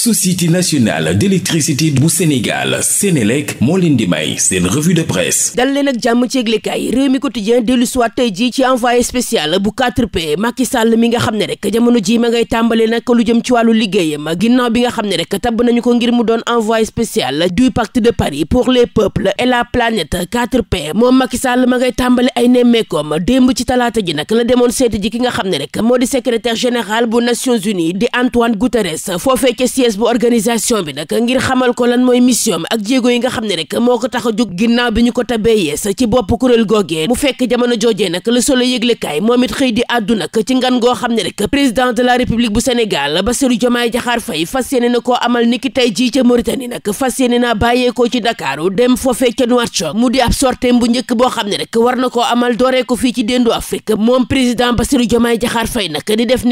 société nationale d'électricité bu Sénégal Sénélec moo leen di may seen revue de presse dal leen jàmm ci yëglekaay réew mi quotidien dellu siwaat tey ji ci envoyé spécial bu 4P Macky Sall mi nga xam ne rek jamono ji ma ngay tàmbale nag lu jëm ci wàllu liggéeyam ginnaaw bi nga xam ne rek tabb nañu ko ngir mu doon envoyé spécial du pacte de Paris pour les peuples et la planète 4P moom Macky Sall ma ngay tàmbale ay nemmeekoom démb ji nag la demoon seeti ki nga xam ne rek moo di secrétaire général bu Nations jeunesse bu organisation bi nag ngir xamal ko lan mooy mission ak jéego yi nga xam ne rek moo ko tax a jóg ginnaaw bi ñu ko tabee ci bopp kuréel googee mu fekk jamono joojee nag le solo yëglekaay moom it xëy di àddu nag ci ngan goo xam ne rek président de la république bu Sénégal Bassirou Diomaye Diakhar Faye fas yéene nag mu di ab sorteem bu njëkk boo xam ne rek war na koo amal dooree ko fii ci déndu Afrique moom président Bassirou Diomaye Diakhar Faye nag di def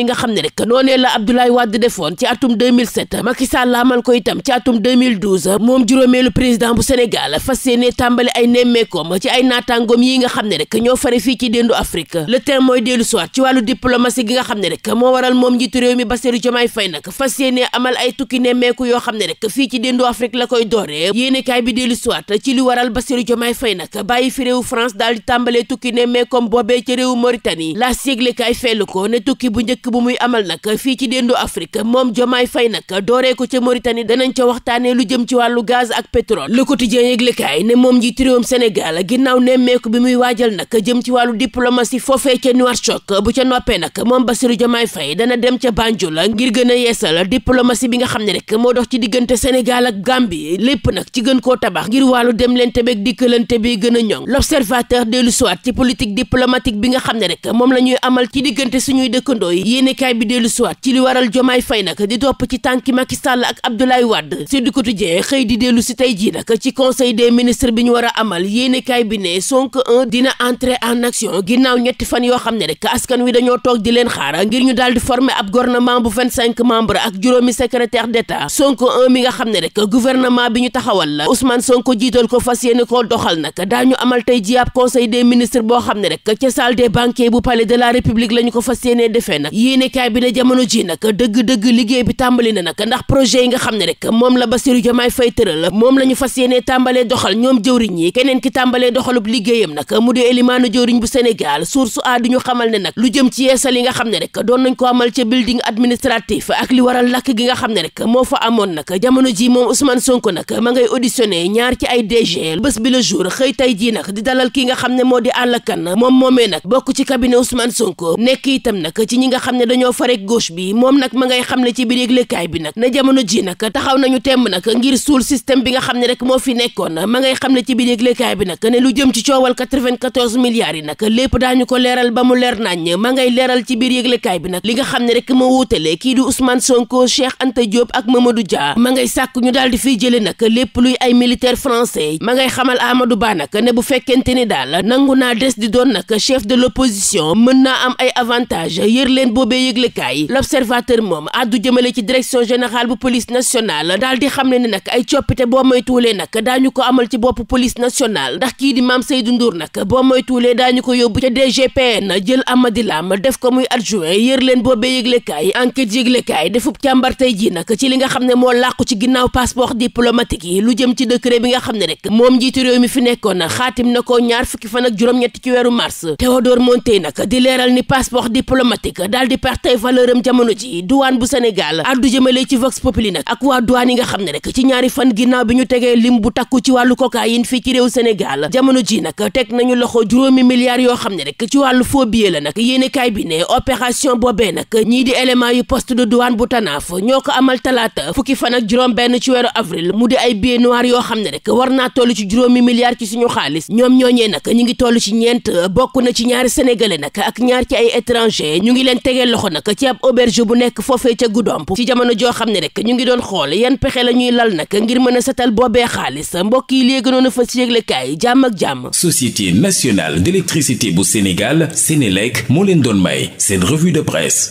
Macky Sall amal ko itam ci atum 2012 moom juróomeelu président bu Sénégal fas yéene tàmbali ay nemmeekoom ci ay naataangoom yi nga xam ne rek ñoo fare fii ci déndu Afrique le terme mooy dellu soit ci wàllu diplomatie gi nga xam ne rek moo waral moom njiitu réew mi Bassirou Diomaye fay nag fas yéene amal ay tukki nemmeeku yoo xam ne rek fii ci déndu Afrique la koy dooree yéenekaay bi dellu soit ci li waral Bassirou Diomaye Faye nag bàyyi fi réewu France daal di tàmbalee tukki nemmeekoom boobee ci réewu Mauritanie la yéglekaay fellu ko ne tukki bu njëkk bu muy amal nag fii ci déndu Afrique moom Diomaye Faye nag dooree ko ca Mauritanie danañ ca waxtaanee lu jëm ci wàllu gaz ak pétrole le quotidien yëglekaay ne moom njiitu réewum Sénégal ginnaaw nemmeeku bi muy waajal nag jëm ci wàllu diplomatie foofee ca Nouakchott bu ca noppee nag moom Bassirou Diomaye Faye dana dem ca Banjul ngir gën a yeesal diplomatie bi nga xam ne rek moo dox ci diggante Sénégal ak Gambie lépp nag ci gën koo tabax ngir wàllu dem leen tebeg dikkalante bi gën a ñoŋ l'observateur dellu siwaat ci politique diplomatique bi nga xam ne rek moom la ñuy amal ci diggante suñuy dëkkandoo yi yéenekaay bi dellu siwaat ci li waral Diomaye Faye Macky Sall ak Abdoulaye Wade Sud Quotidien xëy di dellu si tey jii nag ci conseil de ministres bi ñu war a amal yéenekaay bi ne Sonko 1 dina entrer en action ginnaaw ñetti fan yoo xam ne rek askan wi dañoo toog di leen xaar ngir ñu daal di former ab gouvernement bu cinq membre ak juróomi secrétaire d'État Sonko 1 mi nga xam ne rek gouvernement bi ñu taxawal la Ousmane Sonko jiital ko fas yéene ko doxal daa ñu amal tey jii ab conseil des ministres boo xam ne rek ca salle des banquets bu palais de la ñu ko fas yéene defee nag yéenekaay bi ne jamono ji nag dëgg-dëgg liggéey bi tàmbali na nag ndax projet yi nga xam ne rek moom la Bassirou Diomaye moom la ñu fas yéene tàmbalee doxal ñoom jëwriñ yi keneen ki tàmbalee doxalub liggéeyam nag mu di Elimaanu jëwriñ bu Sénégal source a du ñu xamal ne nag lu jëm ci yeesal yi nga xam ne rek doon nañ ko amal ca building administratif ak li waral lakk gi nga xam ne rek moo fa amoon nag jamono ji moom Ousmane Sonko nag ma ngay auditionné ñaar ci ay DG bés bi le jour xëy tey jii nag di dalal ki nga xam ne moo di Alla Kane moom moomee nag bokk ci cabinet Ousmane Sonko nekk itam nag ci ñi nga xam ne dañoo farek gauche bi moom nag ma ngay xam ne ci biir yëglekaay bi nag ne jamono ji nag taxaw nañu temb nag ngir suul système bi nga xam ne rek moo fi nekkoon ma ngay xam ne ci biir yëglekaay bi nag ne lu jëm ci coowal 94 milliards yi nag lépp daañu ko leeral ba mu leer nañ ma ngay leeral ci biir yëglekaay bi nag li nga xam ne rek moo wuutale kii di Ousmane Sonko Cheikh Anta Diop ak Mamadou Dia ma daal di fiy jële nag lépp luy ay militaire français ma ngay xamal Amadou Ba nag ne bu fekkente ni daal nangu naa des di doon nag chef de l'opposition mën naa am ay avantage yër leen boobee yëglekaay l'observateur moom général bu police nationale daal di xam ne ne nag ay coppite boo moytuwulee nag daañu ko amal ci bopp police nationale ndax kii di maam Seydou Ndour nag boo moytuwulee daañu ko yóbbu ca DGPN jël Amady Lam def ko muy adjoint yër leen boobee yëglekaay enquête yëglekaay defu càmbar tey jii nag ci li nga xam ne moo làqu ci ginnaaw passeport diplomatique yi lu jëm ci décret bi nga xam ne rek moom njiitu réew mi fi nekkoon xaatim na ko ñaar fukki fan ak juróom weeru mars Théodore Montey nag di leeral ni passeport diplomatique daal di perte valeur am jamono ji douane bu Sénégal vox populi nag ak waa douane yi nga xam ne rek ci ñaari fan ginnaaw bi ñu tegee lim bu takku ci wàllu cocaïne fii ci réew Sénégal jamono ji nag teg nañu loxo juróomi milliards yoo xam ne rek ci wàllu faux billet la nag yéene kaay bi ne opération boobee nag ñii di élément yu poste de douane bu tanaaf ñoo ko amal talaata fukki fan ak juróom benn ci weeru avril mu di ay billets noirs yoo xam ne rek war naa toll ci juróomi milliards ci suñu xaalis ñoom ñooñee nag ñu ngi toll ci ñeent bokk na ci ñaari sénégalais nag ak ñaar ci ay étranger ñu ngi leen tegee loxo nag ci ab auberge bu nekk foofee ca Goudomp ci jamono joo xam xam ne ñu ngi doon xool yan pexe la ñuy lal nag ngir mën a setal boobee xaalis mbokk yi léegi noonu fa si yëglekaay jàmm ak jàmm. Société nationale d'électricité bu Sénégal Sénélec moo leen doon may seen revue de presse.